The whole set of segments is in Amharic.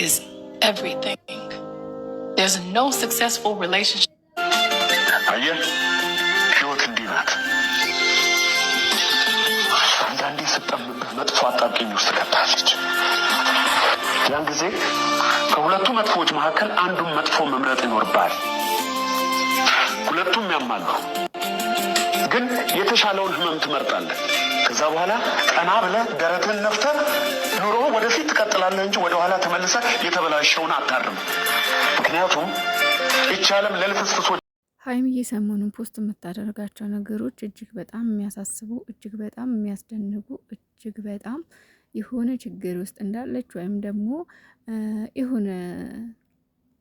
is everything. There's no successful relationship. አየህ ህይወት እንዲህ ናት። አንዳንዴ ስጠምብህ መጥፎ አጣብቂኝ ውስጥ ገብታለች። ያን ጊዜ ከሁለቱ መጥፎዎች መካከል አንዱን መጥፎ መምረጥ ይኖርብሃል። ሁለቱም ያማሉ፣ ግን የተሻለውን ህመም ትመርጣለህ። ከዛ በኋላ ቀና ብለህ ደረትን ነፍተህ ኑሮ ወደፊት ትቀጥላለህ እንጂ ወደኋላ ተመልሰ የተበላሸውን አታርም። ምክንያቱም ይቻለም ለልፍስፍሶ ሀይሚዬ ሰሞኑን ፖስት የምታደርጋቸው ነገሮች እጅግ በጣም የሚያሳስቡ እጅግ በጣም የሚያስደንቁ እጅግ በጣም የሆነ ችግር ውስጥ እንዳለች ወይም ደግሞ የሆነ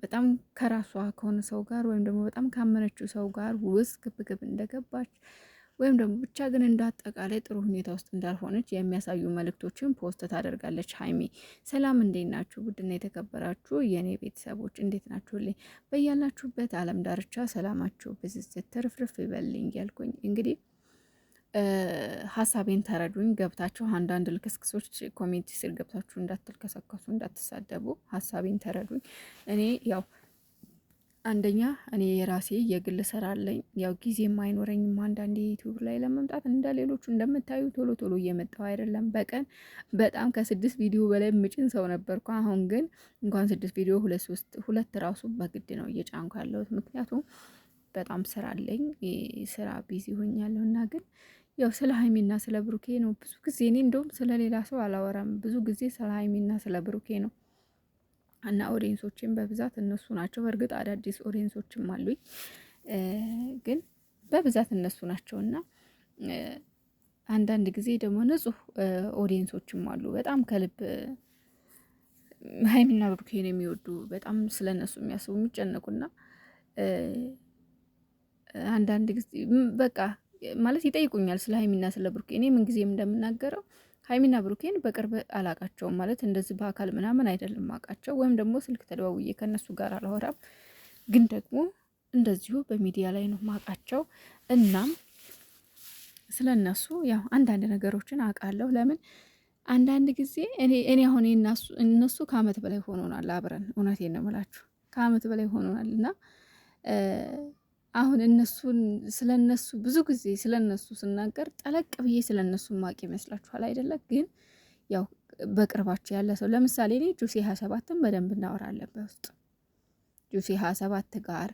በጣም ከራሷ ከሆነ ሰው ጋር ወይም ደግሞ በጣም ካመነችው ሰው ጋር ውስጥ ግብግብ እንደገባች ወይም ደግሞ ብቻ ግን እንዳጠቃላይ ጥሩ ሁኔታ ውስጥ እንዳልሆነች የሚያሳዩ መልእክቶችን ፖስት ታደርጋለች ሀይሚ። ሰላም እንዴት ናችሁ? ውድና የተከበራችሁ የእኔ ቤተሰቦች እንዴት ናችሁልኝ? በያላችሁበት አለም ዳርቻ ሰላማችሁ ብዝዝት ትርፍርፍ ይበልኝ ያልኩኝ እንግዲህ ሀሳቤን ተረዱኝ። ገብታችሁ አንዳንድ ልክስክሶች ኮሜንት ስር ገብታችሁ እንዳትልከሰከሱ፣ እንዳትሳደቡ ሀሳቤን ተረዱኝ። እኔ ያው አንደኛ እኔ የራሴ የግል ስራ አለኝ። ያው ጊዜም አይኖረኝም አንዳንዴ ዩቱብ ላይ ለመምጣት እንደ ሌሎቹ እንደምታዩ ቶሎ ቶሎ እየመጣው አይደለም። በቀን በጣም ከስድስት ቪዲዮ በላይ ምጭን ሰው ነበርኩ። አሁን ግን እንኳን ስድስት ቪዲዮ ሁለት ሶስት ሁለት ራሱ በግድ ነው እየጫንኩ ያለሁት ምክንያቱም በጣም ስራ አለኝ። ስራ ቢዚ ሆኛለሁ እና ግን ያው ስለ ሀይሚና ስለ ብሩኬ ነው ብዙ ጊዜ እኔ እንደውም ስለ ሌላ ሰው አላወራም። ብዙ ጊዜ ስለ ሀይሚና ስለ ብሩኬ ነው እና ኦዲየንሶችን በብዛት እነሱ ናቸው። በእርግጥ አዳዲስ ኦዲየንሶችም አሉኝ፣ ግን በብዛት እነሱ ናቸው እና አንዳንድ ጊዜ ደግሞ ንጹህ ኦዲየንሶችም አሉ። በጣም ከልብ ሀይሚና ብሩኬን የሚወዱ በጣም ስለነሱ የሚያስቡ የሚጨነቁና አንዳንድ ጊዜ በቃ ማለት ይጠይቁኛል ስለ ሀይሚና ስለ ብሩኬ እኔ ጊዜም እንደምናገረው ሀይሚና ብሩኬን በቅርብ አላቃቸውም ማለት እንደዚህ በአካል ምናምን አይደለም አውቃቸው ወይም ደግሞ ስልክ ተደዋውዬ ከእነሱ ጋር አላወራም፣ ግን ደግሞ እንደዚሁ በሚዲያ ላይ ነው ማቃቸው እናም ስለ እነሱ ያው አንዳንድ ነገሮችን አውቃለሁ። ለምን አንዳንድ ጊዜ እኔ አሁን እነሱ ከአመት በላይ ሆኖናል አብረን፣ እውነቴን ነው የምላችሁ ከአመት በላይ ሆኖናል እና አሁን እነሱን ስለነሱ ብዙ ጊዜ ስለነሱ ስናገር ጠለቅ ብዬ ስለነሱ ማቅ ይመስላችኋል አይደለ? ግን ያው በቅርባቸው ያለ ሰው ለምሳሌ እኔ ጁሴ ሀያ ሰባትን በደንብ እናወራለን በውስጥ ጁሴ ሀያ ሰባት ጋር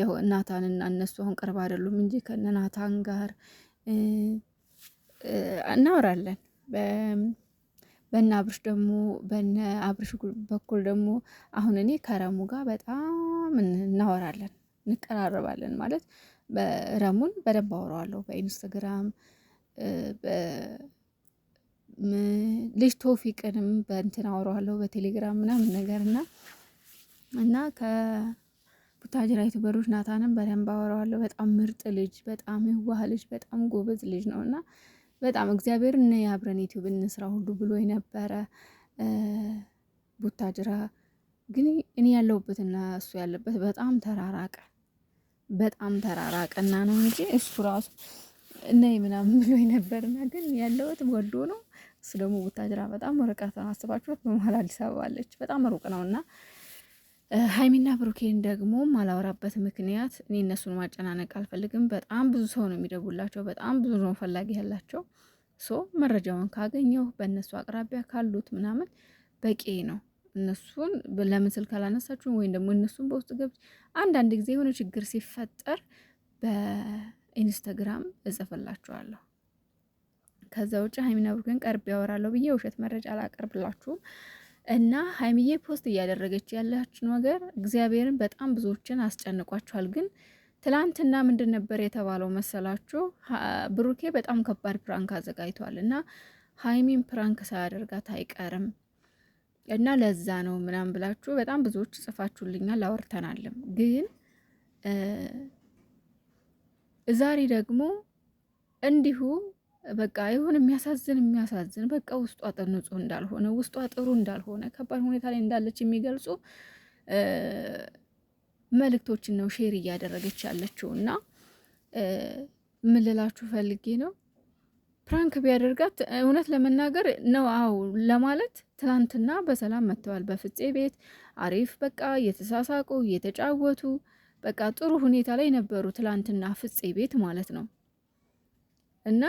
ያው ናታንና እነሱ አሁን ቅርብ አይደሉም እንጂ ከነ ናታን ጋር እናወራለን። በነ አብርሽ ደግሞ በነ አብርሽ በኩል ደግሞ አሁን እኔ ከረሙ ጋር በጣም እናወራለን። እንቀራረባለን ማለት ረሙን በደንብ አወራዋለሁ በኢንስታግራም ልጅ ቶፊቅንም በእንትን አወራዋለሁ በቴሌግራም ምናምን ነገር እና እና ከቡታጅራ ዩቱበሮች ናታንም በደንብ አወራዋለሁ። በጣም ምርጥ ልጅ፣ በጣም የዋህ ልጅ፣ በጣም ጎበዝ ልጅ ነው እና በጣም እግዚአብሔር እነ አብረን ዩቲዩብ እንስራ ሁሉ ብሎ የነበረ ቡታጅራ ግን እኔ ያለሁበትና እሱ ያለበት በጣም ተራራቀ። በጣም ተራራቅና ነው እንጂ እሱ ራሱ እናይ ምናምን ብሎ ነበርና ግን ያለውት ወዶ ነው። እሱ ደግሞ ቡታጅራ በጣም ርቀት ነው። አስባችሁት በመሀል አዲስ አበባ አለች። በጣም ሩቅ ነው እና ሀይሚና ብሩኬን ደግሞ ማላወራበት ምክንያት እኔ እነሱን ማጨናነቅ አልፈልግም። በጣም ብዙ ሰው ነው የሚደውላቸው። በጣም ብዙ ነው ፈላጊ ያላቸው። ሶ መረጃውን ካገኘው በእነሱ አቅራቢያ ካሉት ምናምን በቂ ነው። እነሱን ለምን ስልክ አላነሳችሁም? ወይም ደግሞ እነሱን በውስጥ አንድ አንዳንድ ጊዜ የሆነ ችግር ሲፈጠር በኢንስታግራም እጽፍላችኋለሁ። ከዛ ውጭ ሀይሚና ብሩኬን ቀርብ ያወራለሁ ብዬ ውሸት መረጃ አላቀርብላችሁም። እና ሀይሚዬ ፖስት እያደረገች ያላችሁ ነገር እግዚአብሔርን በጣም ብዙዎችን አስጨንቋችኋል። ግን ትላንትና ምንድን ነበር የተባለው መሰላችሁ? ብሩኬ በጣም ከባድ ፕራንክ አዘጋጅቷል እና ሀይሚን ፕራንክ ሳያደርጋት አይቀርም እና ለዛ ነው ምናምን ብላችሁ በጣም ብዙዎች ጽፋችሁልኛል፣ ላወርተናልም ግን ዛሬ ደግሞ እንዲሁ በቃ ይሁን የሚያሳዝን የሚያሳዝን በቃ ውስጧ ንጹህ እንዳልሆነ ውስጧ ጥሩ እንዳልሆነ ከባድ ሁኔታ ላይ እንዳለች የሚገልጹ መልእክቶችን ነው ሼር እያደረገች ያለችው እና ምልላችሁ ፈልጌ ነው ፕራንክ ቢያደርጋት እውነት ለመናገር ነው። አዎ ለማለት ትናንትና በሰላም መጥተዋል። በፍፄ ቤት አሪፍ በቃ እየተሳሳቁ እየተጫወቱ በቃ ጥሩ ሁኔታ ላይ ነበሩ። ትላንትና ፍፄ ቤት ማለት ነው። እና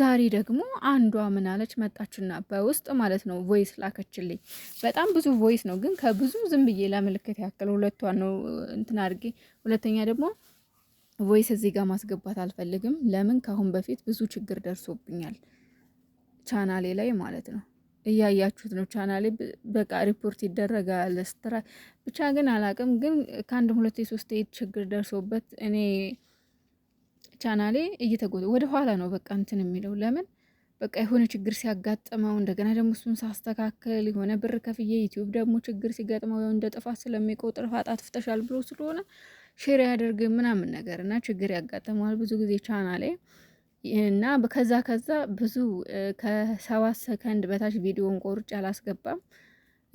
ዛሬ ደግሞ አንዷ ምናለች መጣችና በውስጥ ማለት ነው ቮይስ ላከችልኝ። በጣም ብዙ ቮይስ ነው ግን ከብዙ ዝም ብዬ ለምልክት ያክል ሁለቷን ነው እንትን አድርጌ ሁለተኛ ደግሞ ቮይስ እዚህ ጋር ማስገባት አልፈልግም። ለምን ከአሁን በፊት ብዙ ችግር ደርሶብኛል ቻናሌ ላይ ማለት ነው። እያያችሁት ነው። ቻናሌ በቃ ሪፖርት ይደረጋል። ስትራ ብቻ ግን አላቅም። ግን ከአንድ ሁለት የሶስት ችግር ደርሶበት እኔ ቻናሌ እየተጎ ወደ ኋላ ነው በቃ እንትን የሚለው ለምን በቃ የሆነ ችግር ሲያጋጥመው እንደገና ደግሞ እሱን ሳስተካከል የሆነ ብር ከፍዬ ዩቲዩብ ደግሞ ችግር ሲገጥመው እንደ ጥፋት ስለሚቆጥር ፍተሻል ብሎ ስለሆነ ሼር ያደርግ ምናምን ነገር እና ችግር ያጋጥመዋል ብዙ ጊዜ ቻናሌ እና ከዛ ከዛ ብዙ ከሰባት ሰከንድ በታች ቪዲዮን ቆርጬ አላስገባም።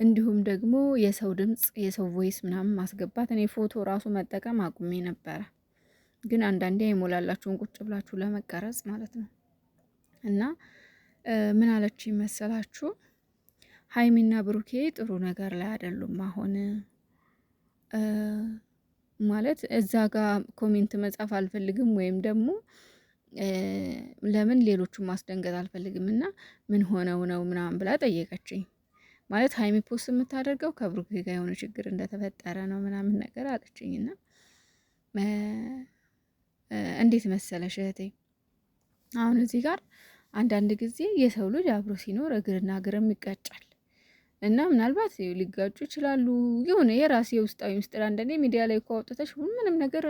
እንዲሁም ደግሞ የሰው ድምፅ የሰው ቮይስ ምናምን ማስገባት እኔ ፎቶ ራሱ መጠቀም አቁሜ ነበረ። ግን አንዳንዴ አይሞላላችሁን ቁጭ ብላችሁ ለመቀረጽ ማለት ነው። እና ምን አለች መሰላችሁ? ሀይሚና ብሩኬ ጥሩ ነገር ላይ አይደሉም። አሁን ማለት እዛ ጋር ኮሜንት መጻፍ አልፈልግም ወይም ደግሞ ለምን ሌሎቹን ማስደንገጥ አልፈልግም እና ምን ሆነው ነው ምናምን ብላ ጠየቀችኝ። ማለት ሀይሚ ፖስት የምታደርገው ከብሩኬ ጋር የሆነ ችግር እንደተፈጠረ ነው ምናምን ነገር አለችኝ እና እንዴት መሰለሽ እህቴ አሁን እዚህ ጋር አንዳንድ ጊዜ የሰው ልጅ አብሮ ሲኖር እግርና እግርም ይጋጫል እና ምናልባት ሊጋጩ ይችላሉ። የሆነ የራሴ የውስጣዊ ምስጢር አንዳንዴ ሚዲያ ላይ እኮ አውጥተሽ ምንም ነገር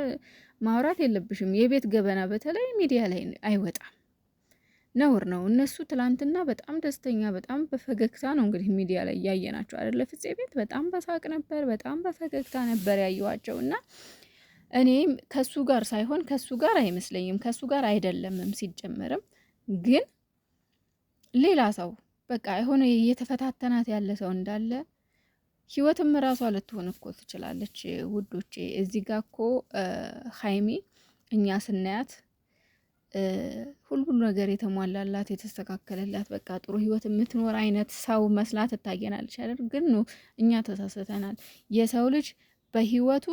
ማውራት የለብሽም። የቤት ገበና በተለይ ሚዲያ ላይ አይወጣም፣ ነውር ነው። እነሱ ትላንትና በጣም ደስተኛ በጣም በፈገግታ ነው እንግዲህ ሚዲያ ላይ እያየናቸው አይደለ? ፍፄ ቤት በጣም በሳቅ ነበር፣ በጣም በፈገግታ ነበር ያየኋቸው እና እኔም ከሱ ጋር ሳይሆን ከሱ ጋር አይመስለኝም፣ ከሱ ጋር አይደለምም ሲጀመርም ግን ሌላ ሰው በቃ የሆነ እየተፈታተናት ያለ ሰው እንዳለ ህይወትም ራሷ ልትሆን እኮ ትችላለች። ውዶቼ እዚህ ጋ እኮ ሀይሚ እኛ ስናያት ሁሉ ነገር የተሟላላት የተስተካከለላት በቃ ጥሩ ህይወት የምትኖር አይነት ሰው መስላት ትታየናለች። አይደል? ግን እኛ ተሳስተናል። የሰው ልጅ በህይወቱ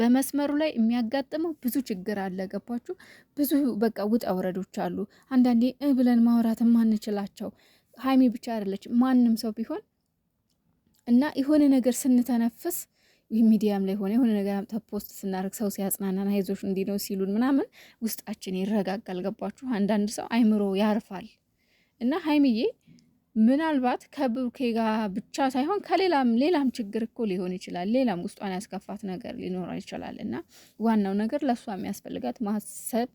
በመስመሩ ላይ የሚያጋጥመው ብዙ ችግር አለ። ገባችሁ? ብዙ በቃ ውጣ ውረዶች አሉ። አንዳንዴ እ ብለን ማውራት ማንችላቸው ሀይሚ ብቻ አይደለች፣ ማንም ሰው ቢሆን እና የሆነ ነገር ስንተነፍስ ሚዲያም ላይ ሆነ የሆነ ነገር አምጥታ ፖስት ስናደርግ ሰው ሲያጽናናን አይዞሽ እንዲህ ነው ሲሉን ምናምን ውስጣችን ይረጋጋል። ገባችሁ? አንዳንድ ሰው አይምሮ ያርፋል እና ሀይሚዬ ምናልባት ከብሩኬ ጋር ብቻ ሳይሆን ከሌላም ሌላም ችግር እኮ ሊሆን ይችላል። ሌላም ውስጧን ያስከፋት ነገር ሊኖር ይችላል እና ዋናው ነገር ለእሷ የሚያስፈልጋት ማሰብ፣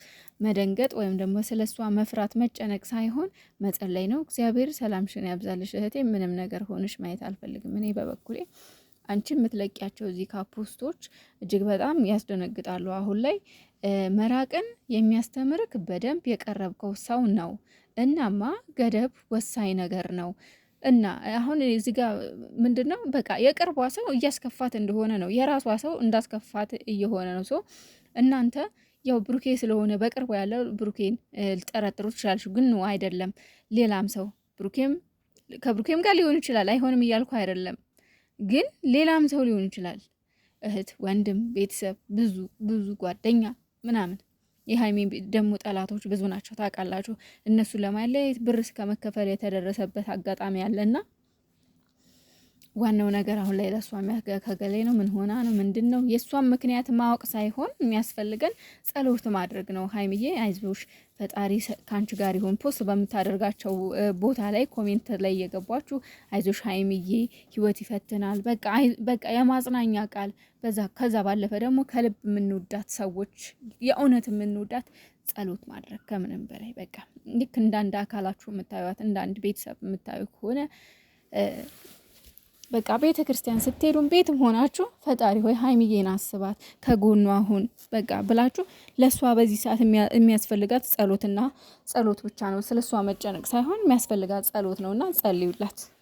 መደንገጥ ወይም ደግሞ ስለ እሷ መፍራት፣ መጨነቅ ሳይሆን መጸለይ ነው። እግዚአብሔር ሰላምሽን ያብዛልሽ እህቴ፣ ምንም ነገር ሆንሽ ማየት አልፈልግም። እኔ በበኩሌ አንቺ የምትለቂያቸው እዚህ ካፖስቶች እጅግ በጣም ያስደነግጣሉ። አሁን ላይ መራቅን የሚያስተምርክ በደንብ የቀረብከው ሰው ነው። እናማ ገደብ ወሳኝ ነገር ነው። እና አሁን እዚህ ጋር ምንድን ነው በቃ የቅርቧ ሰው እያስከፋት እንደሆነ ነው፣ የራሷ ሰው እንዳስከፋት እየሆነ ነው። ሰው እናንተ ያው ብሩኬ ስለሆነ በቅርቡ ያለው ብሩኬን ልጠረጥሩ ትችላለች፣ ግን አይደለም ሌላም ሰው ብሩኬም ከብሩኬም ጋር ሊሆን ይችላል። አይሆንም እያልኩ አይደለም፣ ግን ሌላም ሰው ሊሆን ይችላል። እህት፣ ወንድም፣ ቤተሰብ፣ ብዙ ብዙ ጓደኛ ምናምን የሀይሚ ደግሞ ጠላቶች ብዙ ናቸው ታውቃላችሁ። እነሱ ለማለየት ብር እስከ መከፈል የተደረሰበት አጋጣሚ አለና ዋናው ነገር አሁን ላይ ለእሷ ከገሌ ነው ምን ሆና ነው ምንድን ነው የእሷን ምክንያት ማወቅ ሳይሆን የሚያስፈልገን ጸሎት ማድረግ ነው። ሀይምዬ አይዞሽ፣ ፈጣሪ ከአንቺ ጋር ይሁን። ፖስት በምታደርጋቸው ቦታ ላይ ኮሜንት ላይ እየገባችሁ አይዞሽ ሀይምዬ፣ ህይወት ይፈትናል፣ በቃ የማጽናኛ ቃል በዛ። ከዛ ባለፈ ደግሞ ከልብ የምንወዳት ሰዎች የእውነት የምንወዳት ጸሎት ማድረግ ከምንም በላይ በቃ ልክ እንዳንድ አካላችሁ የምታዩት እንዳንድ ቤተሰብ የምታዩ ከሆነ በቃ ቤተ ክርስቲያን ስትሄዱም ቤትም ሆናችሁ ፈጣሪ ሆይ ሀይሚዬን አስባት ከጎኗ አሁን በቃ ብላችሁ ለእሷ በዚህ ሰዓት የሚያስፈልጋት ጸሎትና ጸሎት ብቻ ነው። ስለ እሷ መጨነቅ ሳይሆን የሚያስፈልጋት ጸሎት ነውና ጸልዩላት።